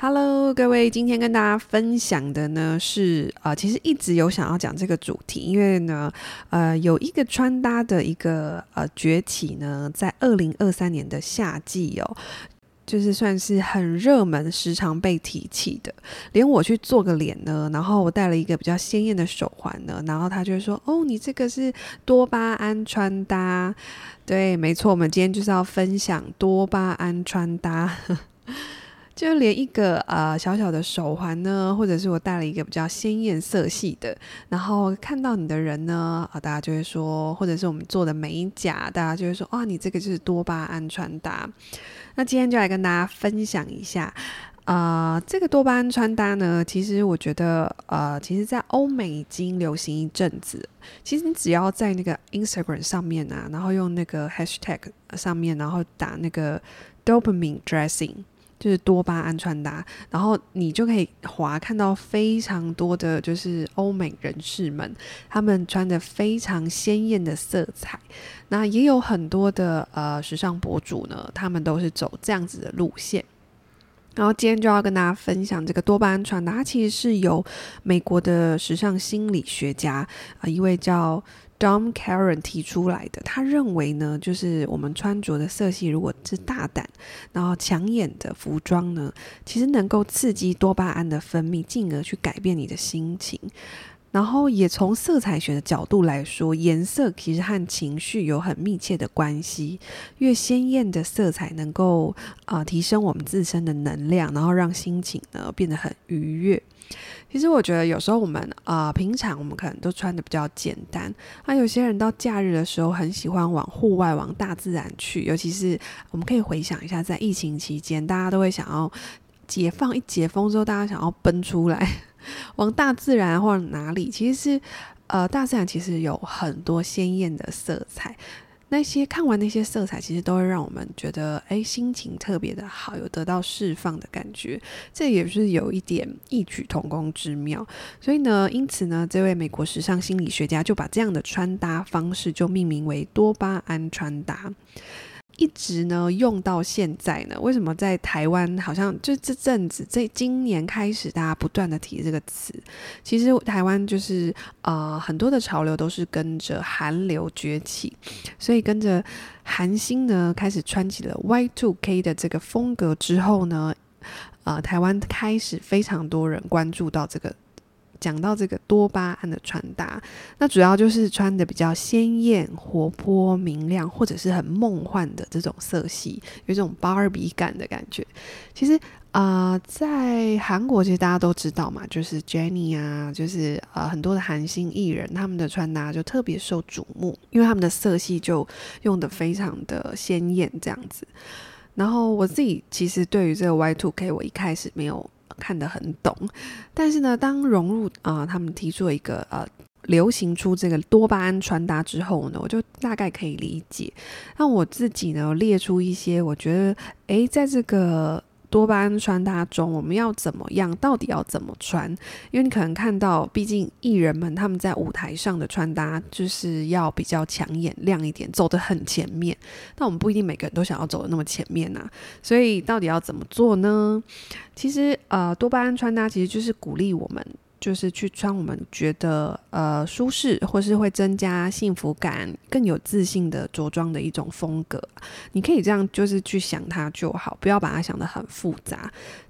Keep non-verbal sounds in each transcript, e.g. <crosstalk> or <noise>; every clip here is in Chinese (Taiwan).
Hello，各位，今天跟大家分享的呢是呃，其實一直有想要講這個主題，因為呢，呃，有一個穿搭的一個呃崛起呢，在二零二三年的夏季哦，就是算是很熱門、時常被提起的。連我去做個臉呢，然後我戴了一個比較鮮艷的手環呢，然後他就說：“哦，你這個是多巴胺穿搭。”對，沒錯，我們今天就是要分享多巴胺穿搭。 <laughs> 就連一個呃小小的手環呢，或者是我戴了一個比較鮮豔色系的，然後看到你的人呢，啊，大家就會說，或者是我們做的美甲，大家就會說，哦、啊，你這個就是多巴胺穿搭。那今天就來跟大家分享一下，啊、呃，這個多巴胺穿搭呢，其實我覺得，呃，其實在歐美已經流行一陣子。其實你只要在那個 Instagram 上面啊，然後用那個 hashtag 上面，然後打那個 dopamine dressing。就是多巴胺穿搭，然後你就可以滑，看到非常多的就是歐美人士們，他們穿的非常鮮豔的色彩，那也有很多的呃時尚博主呢，他們都是走這樣子的路線。然後今天就要跟大家分享這個多巴胺穿搭，它其實是由美國的時尚心理學家啊、呃、一位叫。Dawnn Karen 提出來的，他認為呢，就是我們穿着的色系如果是大膽、然後搶眼的服裝呢，其實能夠刺激多巴胺的分泌，進而去改變你的心情。然後也從色彩學的角度來說，顏色其實和情緒有很密切的關係。越鮮豔的色彩能夠啊、呃、提升我們自身的能量，然後讓心情呢變得很愉悅。其實我覺得有時候我們啊、呃、平常我們可能都穿得比較簡單，那、啊、有些人到假日的時候很喜歡往戶外、往大自然去。尤其是我們可以回想一下，在疫情期間，大家都會想要解放，一解封之後，大家想要奔出來。往大自然或者哪裡，其實是，呃，大自然其實有很多鮮豔的色彩，那些看完那些色彩，其實都會讓我們覺得，誒、欸，心情特別的好，有得到釋放的感覺，這也是有一點異曲同工之妙。所以呢，因此呢，這位美國時尚心理學家就把這樣的穿搭方式就命名為多巴胺穿搭。一直呢用到現在呢。為什麼在台灣好像就這陣子，這今年開始大家不斷的提這個詞？其實台灣就是啊、呃，很多的潮流都是跟着韓流崛起，所以跟着韓星呢開始穿起了 Y2K 的這個風格之後呢，啊、呃，台灣開始非常多人關注到這個。講到這個多巴胺的穿搭，那主要就是穿得比較鮮豔、活潑、明亮，或者是很夢幻的這種色系，有這種芭比感的感覺。其實啊、呃，在韓國，其實大家都知道嘛，就是 Jennie 啊，就是呃很多的韓星藝人，他們的穿搭就特別受矚目，因為他們的色系就用得非常的鮮豔這樣子。然後我自己其實對於這個 Y2K，我一開始沒有。看得很懂，但是呢，當融入啊、呃，他們提出了一個呃，流行出這個多巴胺穿搭之後呢，我就大概可以理解。那我自己呢，列出一些，我覺得，哎、欸，在這個。多巴胺穿搭中，我們要怎麼樣？到底要怎麼穿？因為你可能看到，畢竟藝人們他們在舞台上的穿搭就是要比較搶眼、亮一點，走得很前面。但我們不一定每個人都想要走得那麼前面呐、啊。所以到底要怎麼做呢？其實，呃，多巴胺穿搭其實就是鼓勵我們。就是去穿我們覺得呃舒適，或是會增加幸福感、更有自信的着裝的一種風格。你可以這樣，就是去想它就好，不要把它想得很複雜。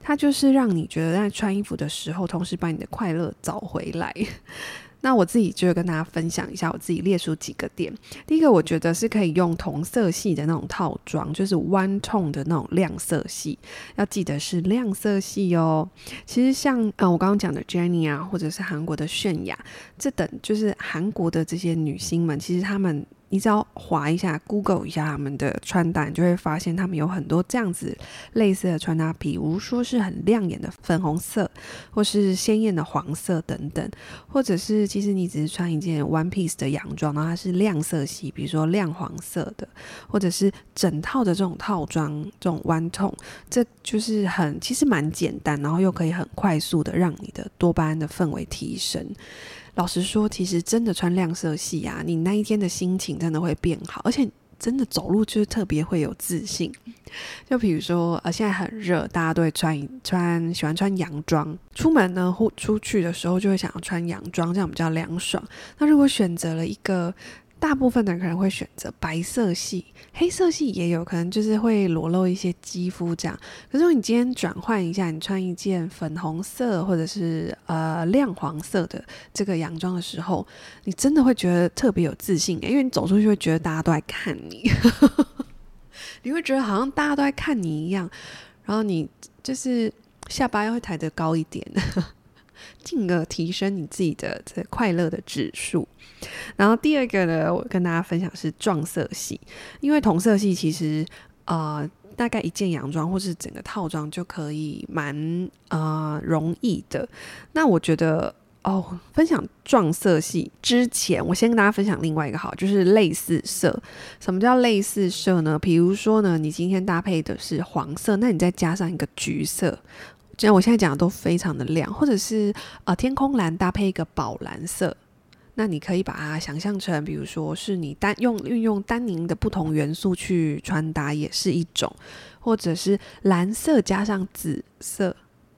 它就是讓你覺得在穿衣服的時候，同時把你的快樂找回來。那我自己就跟大家分享一下，我自己列出幾個點。第一個，我覺得是可以用同色系的那種套裝，就是 one tone 的那種亮色系，要記得是亮色系哦。其實像啊、嗯，我剛剛講的 Jennie 啊，或者是韓國的泫雅，這等就是韓國的這些女星們，其實她們。你只要滑一下，Google 一下他們的穿搭，你就會發現他們有很多這樣子類似的穿搭皮，比如說是很亮眼的粉紅色，或是鮮豔的黃色等等，或者是其實你只是穿一件 one piece 的洋裝，然後它是亮色系，比如說亮黃色的，或者是整套的這種套裝，這種 one tone，這就是很，其實蠻簡單，然後又可以很快速的讓你的多巴胺的氛圍提升。老實說，其實真的穿亮色系啊，你那一天的心情真的會變好，而且真的走路就是特別會有自信。就比如說，呃，現在很熱，大家都會穿穿喜歡穿洋裝，出門呢或出去的時候就會想要穿洋裝，這樣比較涼爽。那如果選擇了一個。大部分的人可能會選擇白色系、黑色系，也有可能就是會裸露一些肌膚這樣。可是如果你今天轉換一下，你穿一件粉紅色或者是呃亮黃色的這個洋裝的時候，你真的會覺得特別有自信，因為你走出去會覺得大家都來看你， <laughs> 你會覺得好像大家都在看你一樣，然後你就是下巴又會抬得高一點。 <laughs> 進而提升你自己的這個，快樂的指數。然後第二個呢，我跟大家分享是撞色系，因為同色系其實啊、呃，大概一件洋裝或是整個套裝就可以蠻啊、呃、容易的。那我覺得哦，分享撞色系之前，我先跟大家分享另外一個好，就是類似色。什麼叫類似色呢？比如說呢，你今天搭配的是黃色，那你再加上一個橘色。像我現在講的都非常的亮，或者是呃天空藍搭配一個寶藍色，那你可以把它想象成，比如說是你單用運用丹寧的不同元素去穿搭也是一種，或者是藍色加上紫色，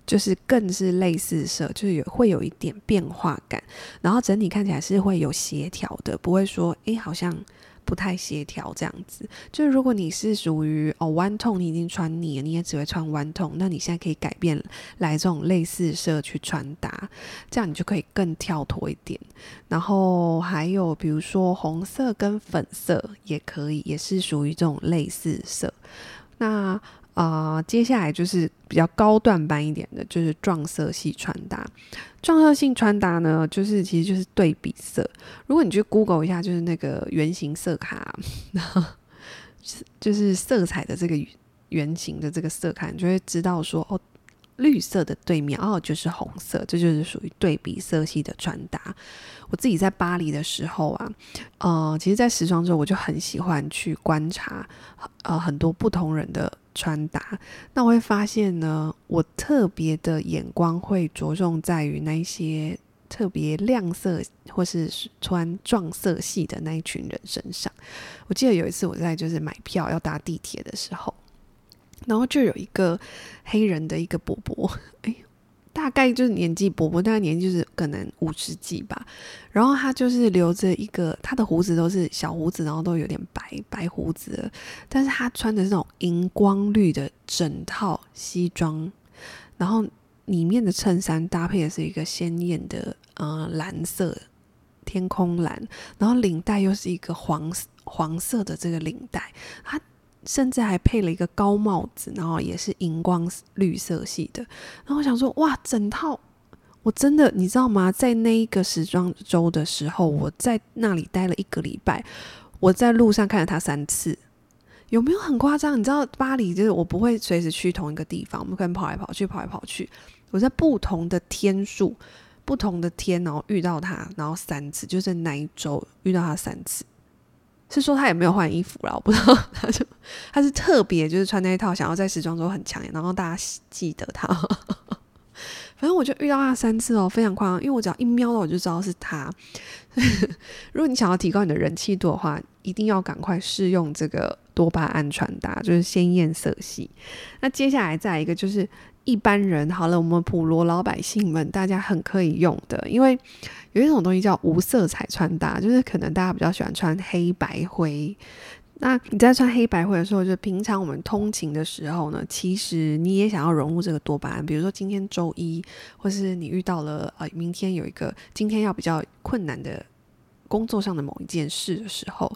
就是更是類似色，就是有會有一點變化感，然後整體看起來是會有協調的，不會說誒好像。不太協調，這樣子就是如果你是屬於哦，one tone，你已經穿膩了，你也只會穿 one tone，那你現在可以改變來這種類似色去穿搭，這樣你就可以更跳脫一點。然後還有比如說紅色跟粉色也可以，也是屬於這種類似色。那啊、呃，接下來就是比較高段班一點的，就是撞色系穿搭。撞色系穿搭呢，就是其實就是對比色。如果你去 Google 一下，就是那個圓形色卡，就是色彩的這個圓形的這個色卡，你就會知道說，哦，綠色的對面哦就是紅色，這就是屬於對比色系的穿搭。我自己在巴黎的時候啊，呃，其實，在時裝周我就很喜歡去觀察，呃，很多不同人的。穿搭，那我會發現呢，我特別的眼光會着重在於那一些特別亮色或是穿撞色系的那一群人身上。我記得有一次我在就是買票要搭地鐵的時候，然後就有一個黑人的一個伯伯，哎。大概就是年紀伯伯，大概年紀就是可能五十幾吧。然後他就是留着一個他的鬍子都是小鬍子，然後都有點白白鬍子。但是他穿的這種熒光綠的整套西裝，然後裡面的襯衫搭配的是一個鮮豔的嗯、呃、藍色天空藍，然後領帶又是一個黃黃色的這個領帶。他。甚至還配了一個高帽子，然後也是熒光綠色系的。然後我想說，哇，整套我真的，你知道嗎？在那一個時裝周的時候，我在那裡待了一個禮拜。我在路上看了他三次，有沒有很誇張？你知道巴黎就是我不會隨時去同一個地方，我們可能跑來跑去，跑來跑去。我在不同的天數、不同的天，然後遇到他，然後三次，就是那一周遇到他三次。是說他也沒有換衣服了，我不知道他就，他是特別就是穿那一套，想要在時裝週很搶眼，然後大家記得他。 <laughs> 反正我就遇到他三次哦，非常誇張，因為我只要一瞄到我就知道是他。 <laughs> 如果你想要提高你的人氣度的話，一定要趕快試用這個多巴胺穿搭，就是鮮豔色系。那接下來再來一個就是一般人，好了，我們普羅老百姓們，大家很可以用的，因為。有一種東西叫無色彩穿搭，就是可能大家比較喜歡穿黑白灰。那你在穿黑白灰的時候，就平常我們通勤的時候呢，其實你也想要融入這個多巴胺。比如說今天周一，或是你遇到了呃，明天有一個今天要比較困難的工作上的某一件事的時候，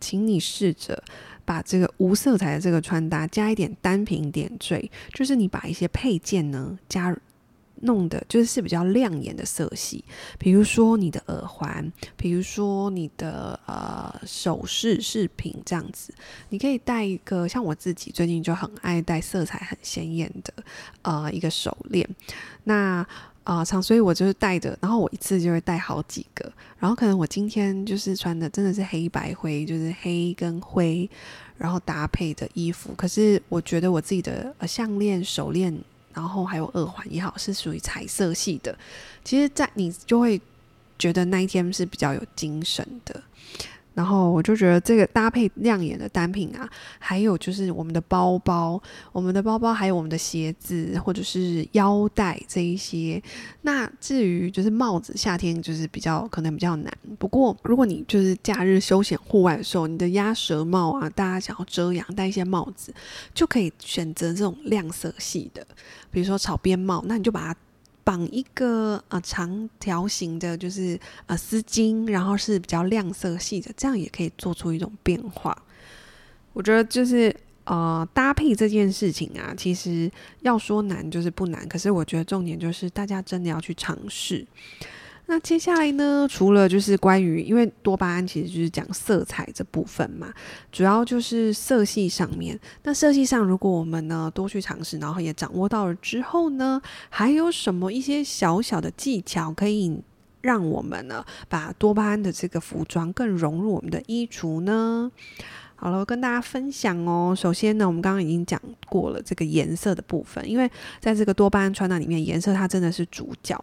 請你試着把這個無色彩的這個穿搭加一點單品點綴，就是你把一些配件呢加入。弄的，就是比較亮眼的色系，比如說你的耳環，比如說你的呃首飾飾品這樣子，你可以戴一個，像我自己最近就很愛戴色彩很鮮豔的呃一個手鏈，那啊、呃，所以我就戴着，然後我一次就會戴好幾個，然後可能我今天就是穿的真的是黑白灰，就是黑跟灰，然後搭配的衣服，可是我覺得我自己的項鏈手鏈。然後還有耳環也好，是屬於彩色系的，其實，在你就會覺得那一天是比較有精神的。然後我就覺得這個搭配亮眼的單品啊，還有就是我們的包包，我們的包包，還有我們的鞋子，或者是腰帶這一些。那至於就是帽子，夏天就是比較可能比較難。不過如果你就是假日休閒戶外的時候，你的鴨舌帽啊，大家想要遮陽，戴一些帽子就可以選擇這種亮色系的，比如說草編帽，那你就把它。綁一個啊、呃、長條形的，就是啊絲、呃、巾，然後是比較亮色系的，這樣也可以做出一種變化。我覺得就是啊、呃、搭配這件事情啊，其實要說難就是不難，可是我覺得重點就是大家真的要去嘗試。那接下來呢，除了就是關於，因為多巴胺其實就是講色彩這部分嘛，主要就是色系上面。那色系上，如果我們呢多去嘗試，然後也掌握到了之後呢，還有什麼一些小小的技巧，可以讓我們呢把多巴胺的這個服裝更融入我們的衣櫥呢？好了，跟大家分享哦。首先呢，我們剛剛已經講過了這個顏色的部分，因為在這個多巴胺穿搭裡面，顏色它真的是主角。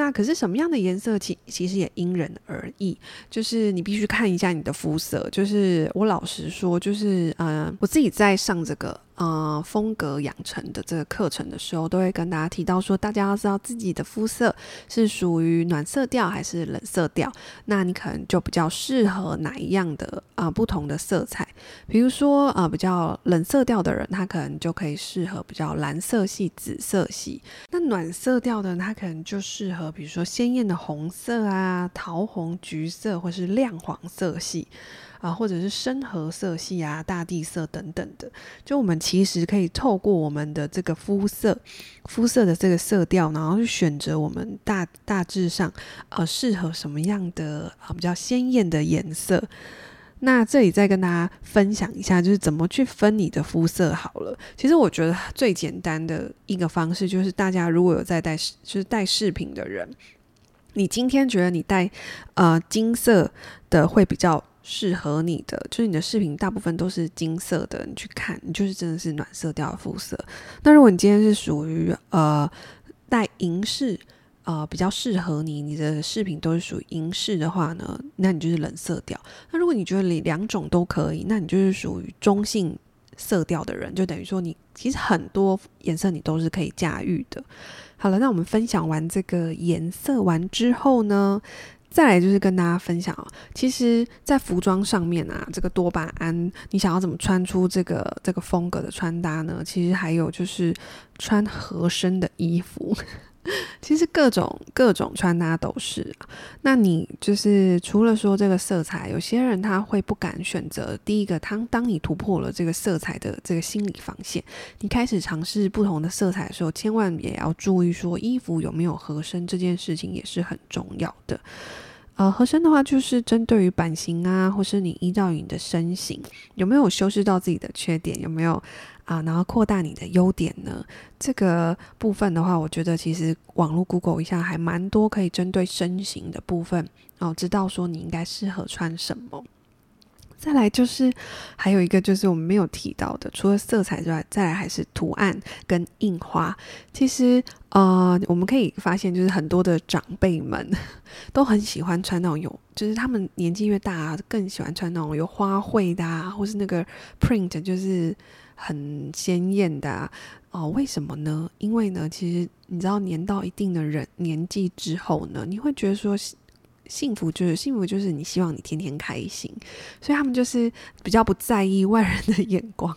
那可是什麼樣的顏色其、其其實也因人而異，就是你必須看一下你的膚色。就是我老實說，就是呃、嗯，我自己在上這個呃、嗯、風格養成的這個課程的時候，都會跟大家提到說，大家要知道自己的膚色是屬於暖色調還是冷色調。那你可能就比較適合哪一樣的啊、嗯、不同的色彩。比如說啊、嗯，比較冷色調的人，他可能就可以適合比較藍色系、紫色系。那暖色調的人，他可能就適合，比如說鮮豔的紅色啊、桃紅、橘色，或是亮黃色系啊，或者是深褐色系啊、大地色等等的，就我們其實可以透過我們的這個膚色、膚色的這個色調，然後去選擇我們大大致上呃、啊、適合什麼樣的啊比較鮮豔的顏色。那這裡再跟大家分享一下，就是怎麼去分你的膚色好了。其實我覺得最簡單的一個方式就是，大家如果有在戴就是戴飾品的人，你今天覺得你戴呃金色的會比較適合你的，就是你的飾品大部分都是金色的，你去看，你就是真的是暖色調的膚色。那如果你今天是屬於呃戴銀飾。呃，比較適合你，你的飾品都是屬於銀飾的話呢，那你就是冷色調。那如果你覺得兩兩種都可以，那你就是屬於中性色調的人，就等於說你其實很多顏色你都是可以駕馭的。好了，那我們分享完這個顏色完之後呢，再來就是跟大家分享，其實在服裝上面啊，這個多巴胺，你想要怎麼穿出這個這個風格的穿搭呢？其實還有就是穿合身的衣服。其實各種各種穿搭都是，那你就是除了說這個色彩，有些人他會不敢選擇。第一個，他當你突破了這個色彩的這個心理防線，你開始嘗試不同的色彩的時候，千萬也要注意說衣服有沒有合身，這件事情也是很重要的。呃，合身的話就是針對於版型啊，或是你依照你的身形有沒有修飾到自己的缺點，有沒有啊，然後擴大你的優點呢？這個部分的話，我覺得其實網絡 Google 一下還蠻多可以針對身形的部分，然後知道說你應該適合穿什麼。再來就是，還有一個就是我們沒有提到的，除了色彩之外，再來還是圖案跟印花。其實啊、呃，我們可以發現，就是很多的長輩們都很喜歡穿那種有，就是他們年紀越大、啊，更喜歡穿那種有花卉的啊，或是那個 print 就是很鮮艷的啊。哦、呃，為什麼呢？因為呢，其實你知道，年到一定的人年紀之後呢，你會覺得說。幸福就是幸福，就是你希望你天天開心，所以他們就是比較不在意外人的眼光，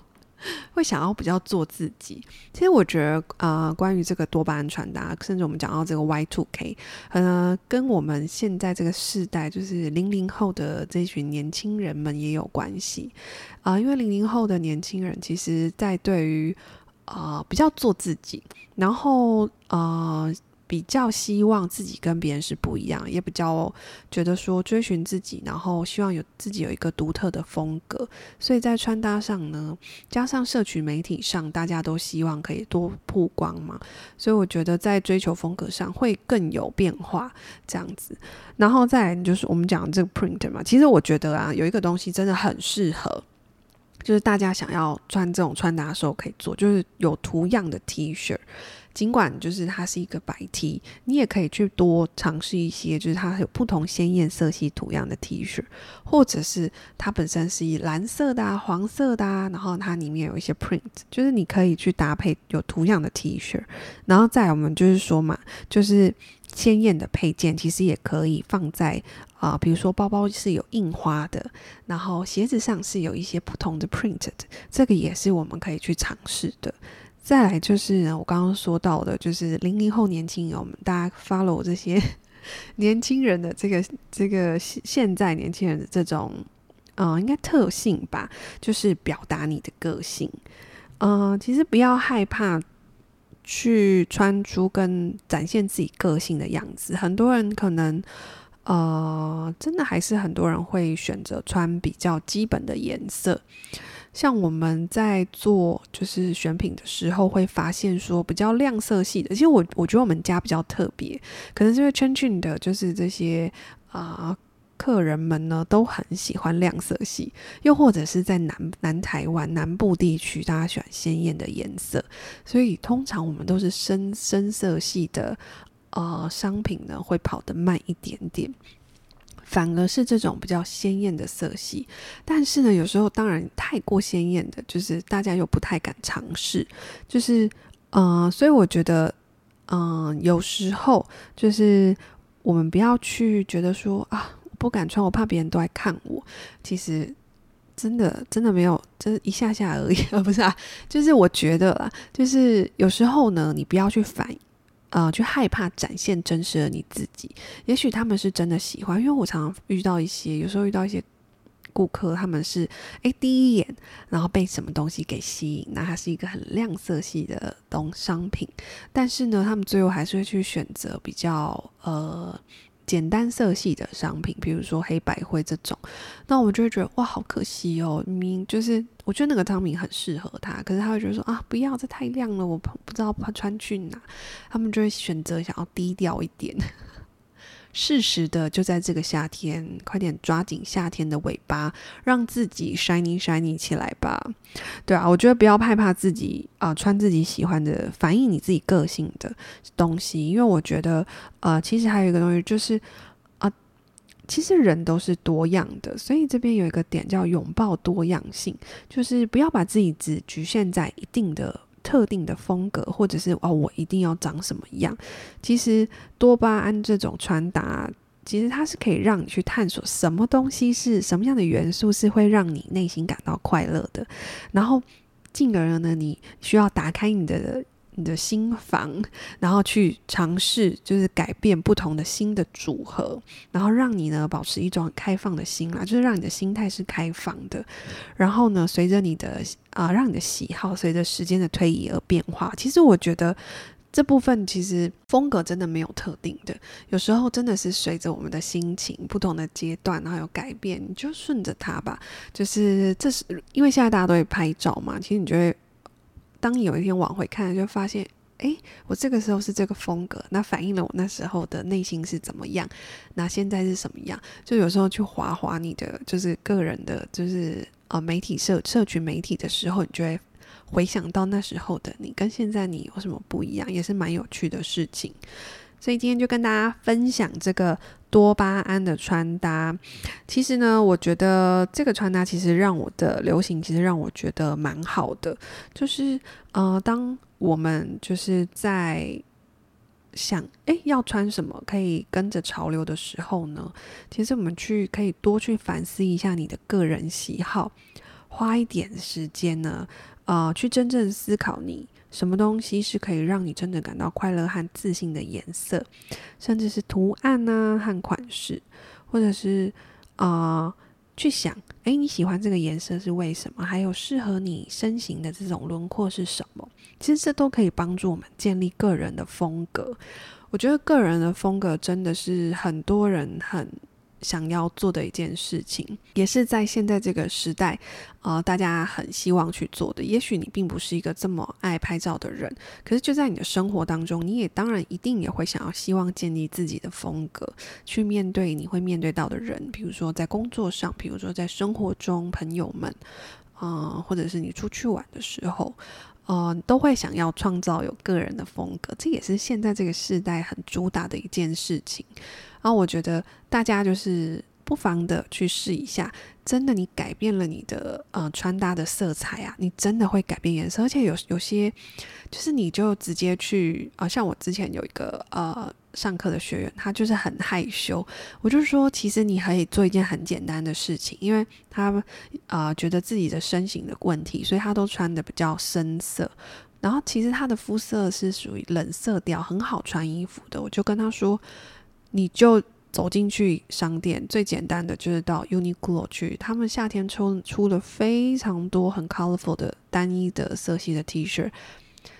會想要比較做自己。其實我覺得啊、呃，關於這個多巴胺穿搭，甚至我們講到這個 Y2K，嗯、呃，跟我們現在這個世代就是零零後的這群年輕人們也有關係啊、呃，因為零零後的年輕人其實，在對於啊、呃、比較做自己，然後啊。呃比較希望自己跟別人是不一樣，也比較覺得說追尋自己，然後希望有自己有一個獨特的風格。所以在穿搭上呢，加上社群媒體上，大家都希望可以多曝光嘛。所以我覺得在追求風格上會更有變化這樣子。然後再來就是我們講這個 printer 嘛，其實我覺得啊，有一個東西真的很適合，就是大家想要穿這種穿搭的時候可以做，就是有圖樣的 T 恤。儘管就是它是一個白 T，你也可以去多嘗試一些，就是它有不同鮮豔色系圖樣的 T 恤，或者是它本身是以藍色的、啊、黃色的、啊，然後它裡面有一些 print，就是你可以去搭配有圖樣的 T 恤。然後再我們就是說嘛，就是鮮豔的配件其實也可以放在啊、呃，比如說包包是有印花的，然後鞋子上是有一些不同的 print，這個也是我們可以去嘗試的。再來就是呢，我剛剛說到的，就是零零後年輕人，我們大家 follow 這些年輕人的這個這個現在年輕人的這種啊、呃，應該特性吧，就是表達你的個性。嗯、呃，其實不要害怕去穿出跟展現自己個性的樣子。很多人可能。呃，真的還是很多人會選擇穿比較基本的顏色，像我們在做就是選品的時候會發現說比較亮色系的，其實我我覺得我們家比較特別，可能是因為 CHENCHUN 的就是這些啊、呃、客人們呢都很喜歡亮色系，又或者是在南南台灣南部地區，大家喜歡鮮豔的顏色，所以通常我們都是深深色系的。呃，商品呢會跑得慢一點點，反而是這種比較鮮豔的色系。但是呢，有時候當然太過鮮豔的，就是大家又不太敢嘗試。就是，呃，所以我覺得，嗯、呃，有時候就是我們不要去覺得說啊，不敢穿，我怕別人都來看我。其實真的真的沒有，就是一下下而已， <laughs> 不是啊。就是我覺得啦，就是有時候呢，你不要去反。呃，去害怕展現真實的你自己。也許他們是真的喜歡，因為我常常遇到一些，有時候遇到一些顧客，他們是，哎，第一眼，然後被什麼東西給吸引，那它是一個很亮色系的東商品，但是呢，他們最後還是會去選擇比較，呃。簡單色系的商品，比如說黑白灰這種，那我們就會覺得哇，好可惜哦。明明就是，我覺得那個商品很適合他，可是他會覺得說啊，不要，這太亮了，我不知道他穿去哪。他們就會選擇想要低調一點。適時的就在這個夏天，快點抓緊夏天的尾巴，讓自己 shiny shiny 起來吧。對啊，我覺得不要害怕自己啊、呃，穿自己喜歡的、反映你自己個性的東西。因為我覺得，呃，其實還有一個東西就是啊、呃，其實人都是多樣的，所以這邊有一個點叫擁抱多樣性，就是不要把自己只局限在一定的。特定的風格，或者是哦，我一定要長什麼樣？其實多巴胺這種穿搭，其實它是可以讓你去探索什麼東西是什麼樣的元素是會讓你內心感到快樂的，然後進而呢，你需要打開你的。你的心房，然後去嘗試，就是改變不同的新的組合，然後讓你呢，保持一種開放的心啦，就是讓你的心態是開放的。然後呢，隨着你的啊、呃，讓你的喜好隨着時間的推移而變化。其實我覺得這部分其實風格真的沒有特定的，有時候真的是隨着我們的心情、不同的階段，然後有改變，你就順着它吧。就是這是因為現在大家都會拍照嘛，其實你就會。當你有一天往回看，就發現，誒，我這個時候是這個風格，那反映了我那時候的內心是怎麼樣，那現在是什麼樣？就有時候去滑滑你的，就是個人的，就是呃媒體社、社群媒體的時候，你就會回想到那時候的你跟現在你有什麼不一樣，也是蠻有趣的事情。所以今天就跟大家分享這個多巴胺的穿搭。其實呢，我覺得這個穿搭其實讓我的流行，其實讓我覺得蠻好的。就是呃，當我們就是在想哎要穿什麼可以跟着潮流的時候呢，其實我們去可以多去反思一下你的個人喜好，花一點時間呢，啊、呃，去真正思考你。什麼東西是可以讓你真的感到快樂和自信的顏色，甚至是圖案呢、啊？和款式，或者是啊、呃，去想，誒，你喜歡這個顏色是為什麼？還有適合你身形的這種輪廓是什麼？其實這都可以幫助我們建立個人的風格。我覺得個人的風格真的是很多人很。想要做的一件事情，也是在現在這個時代，呃，大家很希望去做的。也許你並不是一個這麼愛拍照的人，可是就在你的生活當中，你也當然一定也會想要希望建立自己的風格，去面對你會面對到的人，比如說在工作上，比如說在生活中，朋友們，啊、呃，或者是你出去玩的時候，嗯、呃，都會想要創造有個人的風格。這也是現在這個時代很主打的一件事情。然後我覺得大家就是不妨的去試一下，真的，你改變了你的呃穿搭的色彩啊，你真的會改變顏色。而且有有些就是你就直接去，啊、呃，像我之前有一個呃上課的學員，他就是很害羞，我就說其實你可以做一件很簡單的事情，因為他啊、呃，覺得自己的身形的問題，所以他都穿得比較深色。然後其實他的膚色是屬於冷色調，很好穿衣服的，我就跟他說。你就走進去商店，最簡單的就是到 Uniqlo 去，他們夏天出，出了非常多很 colorful 的單一的色系的 T-shirt，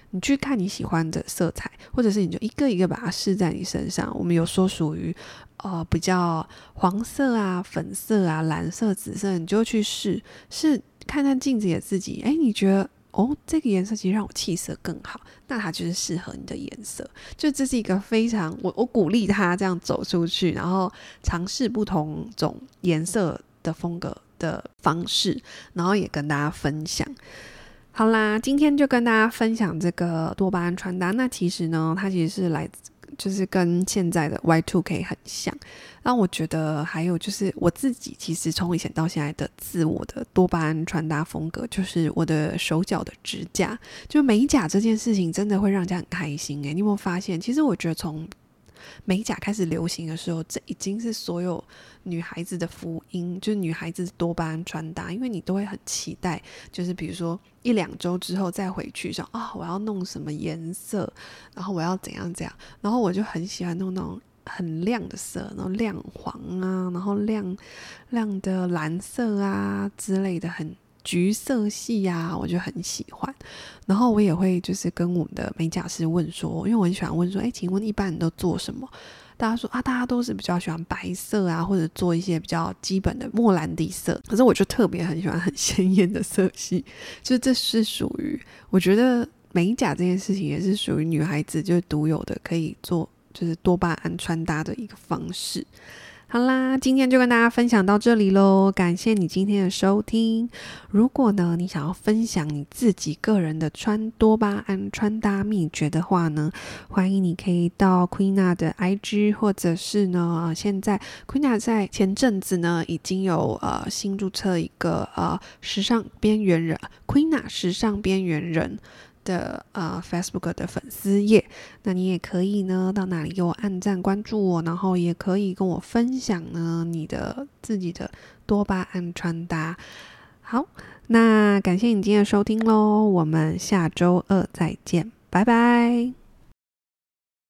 你去看你喜歡的色彩，或者是你就一個一個把它試在你身上。我們有說屬於，呃，比較黃色啊、粉色啊、藍色、紫色，你就去試，試看看鏡子裡的自己，誒，你覺得？哦，這個顏色其實讓我氣色更好，那它就是適合你的顏色。就這是一個非常，我我鼓勵他這樣走出去，然後嘗試不同種顏色的風格的方式，然後也跟大家分享。好啦，今天就跟大家分享這個多巴胺穿搭。那其實呢，它其實是來自。就是跟現在的 Y Two K 很像，那我覺得還有就是我自己，其實從以前到現在的自我的多巴胺穿搭風格，就是我的手腳的指甲，就美甲這件事情，真的會讓人家很開心誒、欸，你有沒有發現？其實我覺得從美甲開始流行的時候，這已經是所有女孩子的福音，就是女孩子多巴胺穿搭，因為你都會很期待，就是比如說一兩周之後再回去說啊、哦，我要弄什麼顏色，然後我要怎樣怎樣，然後我就很喜歡弄那種很亮的色，然後亮黃啊，然後亮亮的藍色啊之類的，很。橘色系呀、啊，我就很喜歡。然後我也會就是跟我們的美甲師問說，因為我很喜歡問說，誒，請問一般人都做什麼？大家說啊，大家都是比較喜歡白色啊，或者做一些比較基本的莫蘭迪色。可是我就特別很喜歡很鮮艷的色系，就這是屬於我覺得美甲這件事情也是屬於女孩子就是獨有的，可以做就是多巴胺穿搭的一個方式。好啦，今天就跟大家分享到這裡嘍。感謝你今天的收聽。如果呢，你想要分享你自己個人的穿多巴胺穿搭秘訣的話呢，歡迎你可以到 Queena 的 IG，或者是呢，呃、現在 Queena 在前陣子呢已經有呃新注冊一個呃時尚邊緣人 Queena 時尚邊緣人。的呃，Facebook 的粉絲頁，那你也可以呢，到哪裡給我按讚、關注我，然後也可以跟我分享呢你的自己的多巴胺穿搭。好，那感謝你今天的收聽嘍，我們下周二再見，拜拜。